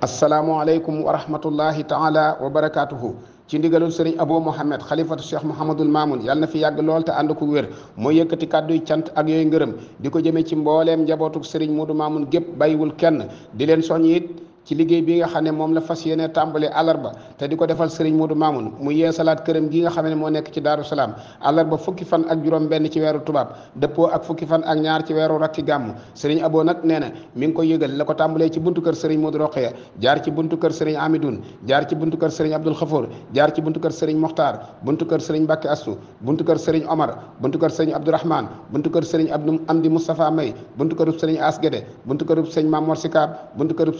asalaamualeykum wa rahmatullahi taala wa barakaatuhu ci ndigalul sëriñ Abo Mohamed xalifatu cheikh Mouhamadul Mamoun yàlla na fi yàgg lool te ànd ko wér moo yëkkati kàdduy cant ak yooyu ngërëm di ko jëmee ci mbooleem njabootuk sëriñ Modou Mamoun gépp bàyyiwul kenn di leen soññ it ci liggéey bi nga xam ne moom la fas yéene tàmbali àllarba te di ko defal Serigne Modou Mamoun mu yeesalaat këram gi nga xam ne moo nekk ci Daaru Salaam àllarba fukki fan ak juróom benn ci weeru tubaab dëppoo ak fukki fan ak ñaar ci weeru rakki gàmm Serigne Abo nag nee na mi ngi ko yëgal la ko tàmbalee ci buntu kër Serigne Modou Roqeya jaar ci buntu kër Serigne Amidoun jaar ci buntu kër Serigne Abdoul Khafour jaar ci buntu kër Serigne Mokhtar buntu kër Serigne Mbacke Assou buntu kër Serigne Omar buntu kër Serigne Abdourahmane buntu kër Serigne Abdou Amdi Moustapha May buntu kërub Serigne Asgede buntu kërub Serigne Mamor Sikab buntu kërub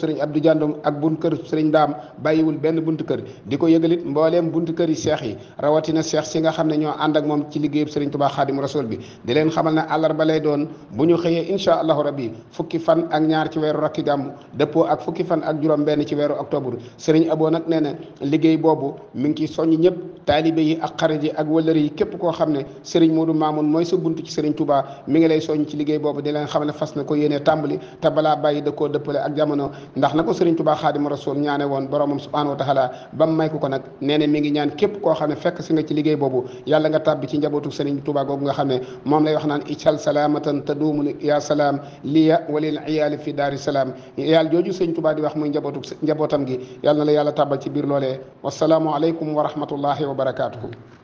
dëkkandoom ak bunt kër sëriñ daam bàyyiwul benn bunt kër di ko yëgalit mbooleem bunt kër yi seex yi rawatina seex si nga xam ne ñoo ànd ak moom ci liggéeyub sëriñ tubaa xaadim rasul bi di leen xamal ne àllarba lay doon bu ñu xëyee insha allahu rabbi fukki fan ak ñaar ci weeru rakki gàmm dëppoo ak fukki fan ak juróom benn ci weeru octobre sëriñ aboo nag nee na liggéey boobu mu ngi ciy soññ ñëpp taalibe yi ak xarit yi ak wëllëri yi képp koo xam ne sëriñ Moodu Maamun mooy sa bunt ci sëriñ Touba mi ngi lay soññ ci liggéey boobu di leen xam ne fas na ko yéenee tàmbali te balaa bàyyi da koo dëppale ak jamono Serigne Touba Xaadimu Rasuul ñaane woon boromam subhaanahu wa taala may ko ko nag nee na ngi ñaan képp ko xam ne fekk si nga ci liggéey boobu yàlla nga tàbbi ci njabootu Serigne Touba googu nga xam ne moom lay wax naan ical salaamatan taduumu ya salaam liya walil iyaali fi daari salaam yàlla jooju Serigne Touba di wax muy njabootu njabootam gi yàlla na la yàlla tàbbal ci biir loolee wasalaamu aleykum wa rahmatullahi wa barakaatuhu